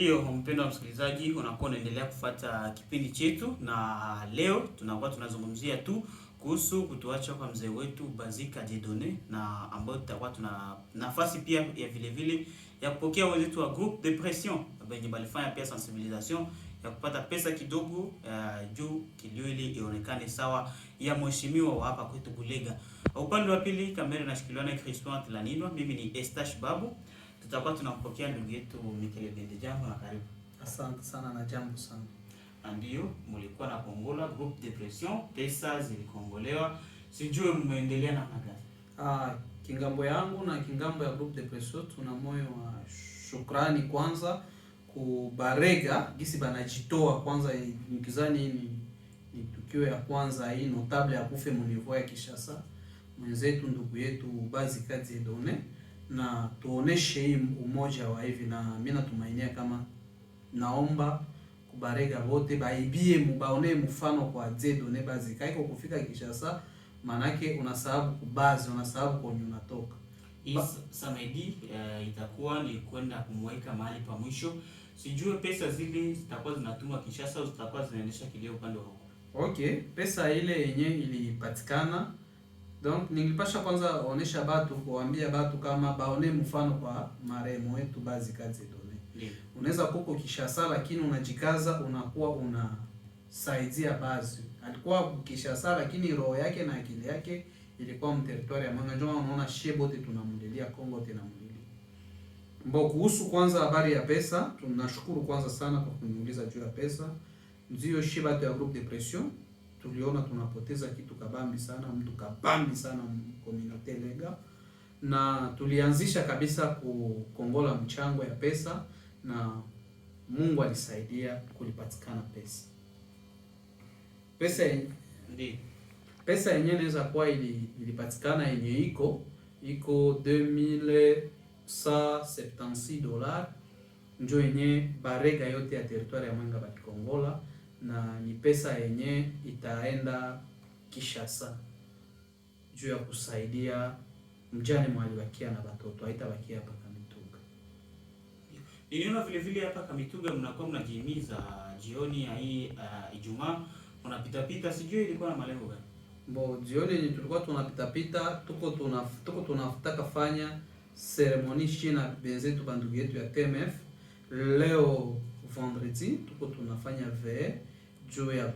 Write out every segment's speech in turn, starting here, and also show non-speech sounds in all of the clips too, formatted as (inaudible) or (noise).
Ndiyo, mpendwa msikilizaji, unakuwa unaendelea kufuata kipindi chetu, na leo tunakuwa tunazungumzia tu kuhusu kutuacha kwa mzee wetu Bazika Jedone, na ambao tutakuwa tuna nafasi pia ya vile vile ya kupokea wenzetu wa group depression wenye balifanya pia sensibilisation ya kupata pesa kidogo uh, juu kilio ili ionekane sawa ya mheshimiwa wa hapa kwetu Bulega. Upande wa pili kamera inashikiliwa na Crispin Atlanino, mimi ni Estash Babu tutakuwa tunampokea ndugu yetu Mikele Bende. Jambo na karibu. Asante sana na jambo sana. Na Ndio mlikuwa na Kongola group depression, pesa zilikongolewa, sijui mmeendelea namna gani? Ah, kingambo yangu na kingambo ya group depression tuna moyo wa shukrani kwanza kubarega gisi banajitoa kwanza, nikizani ni, ni tukio ya kwanza hii notable ya kufe mu niveau ya Kishasa, mwenzetu ndugu yetu bazi kazi donne na tuoneshe hii umoja wa hivi, na mimi natumainia kama naomba kubarega wote baibie mubaone mfano kwa zedo ne bazi kaiko kufika Kinshasa, manake una sababu kubazi una unasababu kwenye unatoka samedi. Uh, eh, itakuwa ni kwenda kumweka mahali pa mwisho, sijue pesa zile zitakuwa zinatumwa Kinshasa au zitakuwa zinaendesha kilio upande wako. Okay, pesa ile yenye ilipatikana Donc ningipasha kwanza onesha batu kuambia batu kama baone mfano kwa marehemu wetu bazi kazi done. Yeah. Unaweza kuko Kishasa lakini unajikaza unakuwa unasaidia bazi. Alikuwa Kishasa lakini roho yake na akili yake ilikuwa mteritori ya Mwanga. Njoma, unaona shie bote tunamlilia Kongo tunamlilia. Mbo kuhusu kwanza habari ya pesa, tunashukuru kwanza sana kwa kuniuliza juu ya pesa. Ndio shie batu ya group depression tuliona tunapoteza kitu kabambi sana, mtu kabambi sana community lega, na tulianzisha kabisa kukongola mchango ya pesa, na Mungu alisaidia kulipatikana pesa. Pesa ndiyo pesa yenyewe inaweza kuwa ili, ilipatikana yenye iko iko 2176 dola, njo yenye barega yote ya territoire ya Mwenga bakikongola na ni pesa yenye itaenda Kishasa juu ya kusaidia mjane mwali wakia na batoto, wakia hapa Kamituga. Niliona vile vile hapa Kamituga mnakuwa mnajimiza jioni ya hii uh, Ijumaa mnapita pita, sijui ilikuwa na malengo gani? Mbo jioni ni tulikuwa tunapita pita, tuko tuna tuko tunataka fanya seremoni shi na benzetu bandugu yetu ya TMF leo vendredi, tuko tunafanya ve juu ya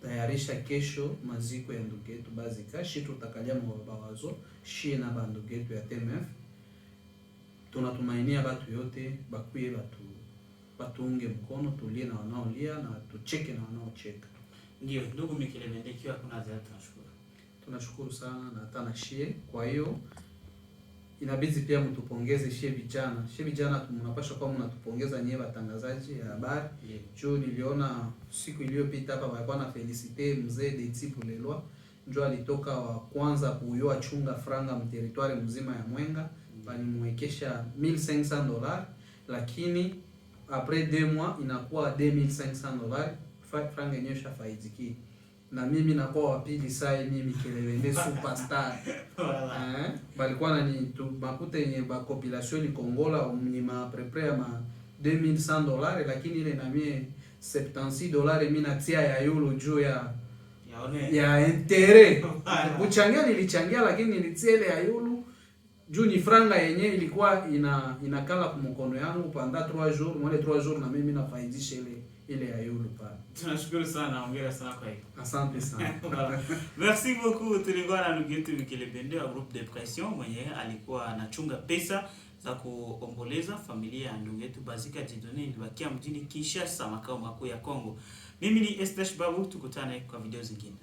kutayarisha kesho maziko ya ndugu yetu Bazikashi, tutakalia mubaba wazo shi na bandugu yetu ya TMF. Tunatumainia batu yote bakuye batu batuunge mkono, tulie na wanaolia na tucheke na wanaocheka. Ndio ndugu Mikile Mendekiwa, kuna zaidi tunashukuru, tunashukuru sana na hata na shie, kwa hiyo inabidi pia mtupongeze shie vijana, shie vijana mnapaswa kuwa mnatupongeza nyewe watangazaji ya habari yeah. Juu niliona siku iliyopita hapa walikuwa na Felicite mzee Deti Bulelwa ndio alitoka wa kwanza kuyoa chunga franga mteritwari mzima ya Mwenga walimwekesha mm. 1500 dollars lakini après deux mois inakuwa 2500 dollars franga yenyewe shafaidiki na mimi nakuwa wa pili sai mimi Kelewende superstar (laughs) eh, balikuwa nani tu makuta yenye ba population ni Kongola ni ma prepre ya ma 2100 dollars, lakini ile na mie 76 dollars mimi natia ya euro juu ya Yaone. ya intere (laughs) kuchangia, nilichangia lakini nilitia ile ya euro juu ni franga yenye ilikuwa ina inakala kumkono yangu pendant 3 jours mwale 3 jours na mimi nafaidisha ile ile ya pale. Tunashukuru sana, hongera sana kwa hiyo. Asante sana. (laughs) Merci beaucoup. Tulikuwa na ndugu yetu Mikele Bende wa Groupe Depression mwenye alikuwa anachunga pesa za kuomboleza familia ya ndugu yetu Bazika Jidoni ilibakia mjini Kinshasa makao makuu ya Kongo. Mimi ni Esther Babu, tukutane kwa video zingine.